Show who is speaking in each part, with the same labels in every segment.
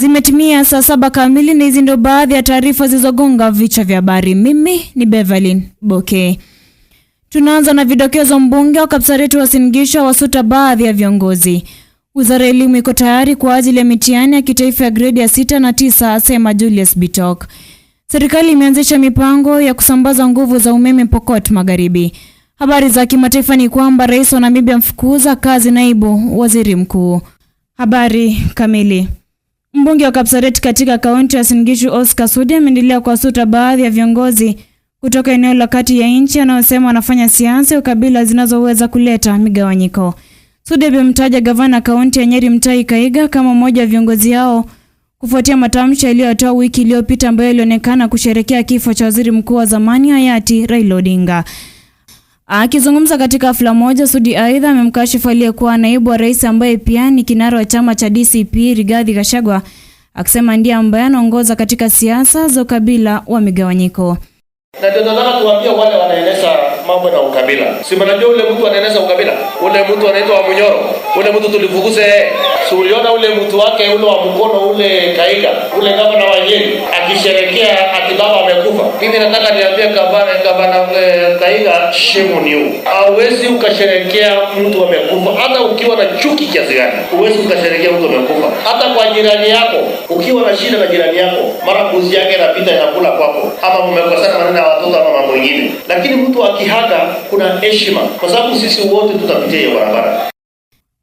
Speaker 1: Zimetimia saa saba kamili na hizi ndio baadhi ya taarifa zilizogonga vichwa vya habari. Mimi ni Beverly Boke. Tunaanza na vidokezo. Mbunge wa Kapseret Uasin Gishu wasuta baadhi ya viongozi. Wizara ya elimu iko tayari kwa ajili ya mitihani ya kitaifa ya gredi ya sita na tisa, asema Julius Bitok. Serikali imeanzisha mipango ya kusambaza nguvu za umeme Pokot Magharibi. Habari za kimataifa ni kwamba rais wa Namibia amfukuza kazi naibu waziri mkuu. Habari kamili Mbunge wa kapsaret katika kaunti ya Uasin Gishu Oscar Sudi ameendelea kuwasuta baadhi ya viongozi kutoka eneo la kati ya nchi anaosema wanafanya siasa ya ukabila zinazoweza kuleta migawanyiko. Sudi amemtaja gavana kaunti ya Nyeri Mutahi Kahiga kama mmoja wa viongozi hao kufuatia matamshi aliyotoa wiki iliyopita ambayo ilionekana kusherekea kifo cha waziri mkuu wa zamani hayati Raila Odinga. Akizungumza katika hafla moja, Sudi aidha amemkashifu aliyekuwa naibu wa rais ambaye pia ni kinara wa chama cha DCP Rigathi Gachagua, akisema ndiye ambaye anaongoza katika siasa za ukabila wa migawanyiko.
Speaker 2: Na tunataka kuambia wale wanaeleza mambo na ukabila, si mnajua ule mtu anaeleza ukabila, ule mtu anaitwa Munyoro ule mtu tulifukuze suliona ule mtu wake ule wa mkono ule Kaiga ule gavana wa Nyeri akisherekea ati baba amekufa. Mimi nataka niambie gavana gavana eh, Kaiga, shimo ni huu, hauwezi ukasherekea mtu amekufa, hata ukiwa na chuki kiasi gani, huwezi ukasherekea mtu amekufa. Hata kwa jirani yako, ukiwa na shida na jirani yako, mara mbuzi yake inapita inakula kwako, ama mmekosana maneno ya watoto ama mambo mengine, lakini mtu akihaga kuna heshima, kwa sababu sisi wote tutapitia hiyo barabara.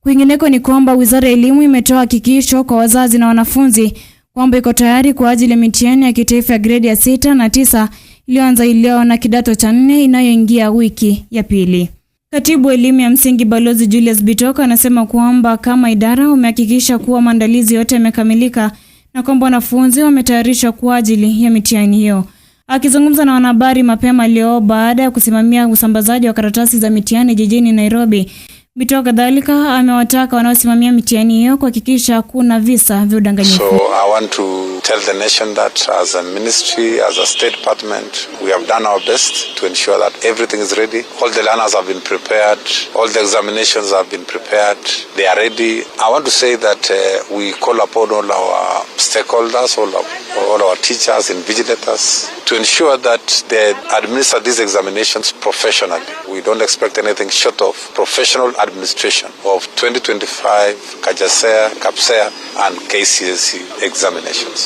Speaker 1: Kwingineko ni kwamba Wizara ya Elimu imetoa hakikisho kwa wazazi na wanafunzi kwamba iko tayari kwa ajili ya mitihani ya kitaifa ya gredi ya sita na tisa iliyoanza leo na kidato cha nne inayoingia wiki ya pili. Katibu elimu ya msingi Balozi Julius Bitoka anasema kwamba kama idara umehakikisha kuwa maandalizi yote yamekamilika na kwamba wanafunzi wametayarishwa kwa ajili ya mitihani hiyo. Akizungumza na wanahabari mapema leo baada ya kusimamia usambazaji wa karatasi za mitihani jijini Nairobi, Bitoo kadhalika amewataka wanaosimamia mitihani hiyo kuhakikisha hakuna visa vya udanganyifu.
Speaker 3: So I want to tell the nation that as a ministry, as a state department, we have done our best to ensure that everything is ready. All the learners have been prepared, all the examinations have been prepared, they are ready. I want to say that uh, we call upon all our stakeholders, all our all our teachers and visitors to ensure that they administer these examinations professionally. We don't expect anything short of professional administration of 2025 Kajasea, Kapsea and KCSE examinations.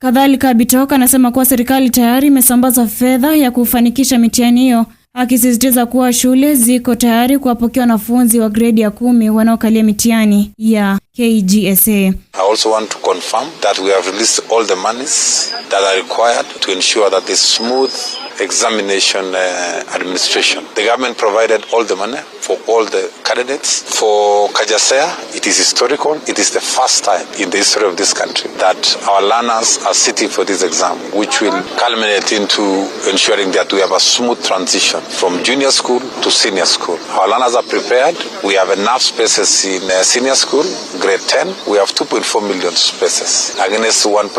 Speaker 1: Kadhalika, Bitoka anasema kuwa serikali tayari imesambaza fedha ya kufanikisha mitihani hiyo, akisisitiza kuwa shule ziko tayari kuwapokea wanafunzi wa gredi ya kumi wanaokalia mitihani ya yeah. KGSA.
Speaker 3: I also want to confirm that we have released all the monies that are required to ensure that the smooth examination uh, administration. The government provided all the money for all the candidates. For Kajasea, it is historical. It is the first time in the history of this country that our learners are sitting for this exam, which will culminate into ensuring that we have a smooth transition from junior school to senior school. Our learners are prepared. We have enough spaces in uh, senior school, grade 10. We have 2.4 million spaces against 1.1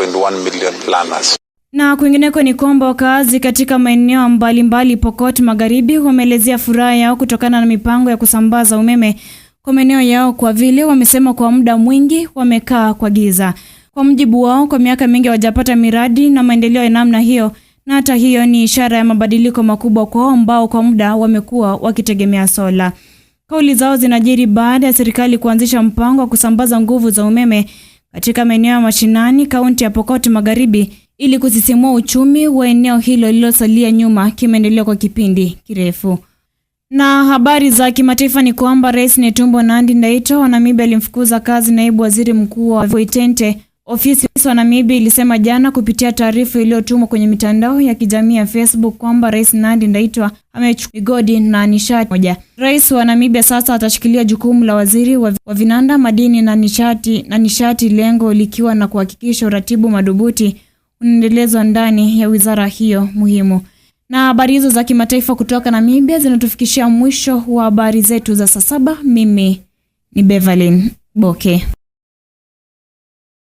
Speaker 3: million learners.
Speaker 1: Na kwingineko ni kwamba wakaazi katika maeneo mbalimbali Pokot Magharibi wameelezea furaha yao kutokana na mipango ya kusambaza umeme kwa maeneo yao kwa vile wamesema kwa muda mwingi wamekaa kwa giza. Kwa mjibu wao, kwa miaka mingi hawajapata miradi na maendeleo ya namna hiyo na hata hiyo ni ishara ya mabadiliko makubwa kwa ambao kwa muda wamekuwa wakitegemea sola. Kauli zao zinajiri baada ya serikali kuanzisha mpango wa kusambaza nguvu za umeme katika maeneo ya mashinani, kaunti ya Pokot Magharibi ili kusisimua uchumi wa eneo hilo lililosalia nyuma kimeendelea kwa kipindi kirefu. Na habari za kimataifa ni kwamba Rais Netumbo Nandi ndaito wa Namibia alimfukuza kazi naibu waziri mkuu wa Voitente Ofisi ya Namibia ilisema jana kupitia taarifa iliyotumwa kwenye mitandao ya kijamii ya Facebook kwamba Rais Nandi Ndaitwa amechukua migodi na nishati moja. Rais wa Namibia sasa atashikilia jukumu la waziri wa vinanda, madini na nishati na nishati, lengo likiwa na kuhakikisha uratibu madhubuti unaendelezwa ndani ya wizara hiyo muhimu. Na habari hizo za kimataifa kutoka Namibia zinatufikishia mwisho wa habari zetu za saa saba. Mimi ni Beverlyn Boke.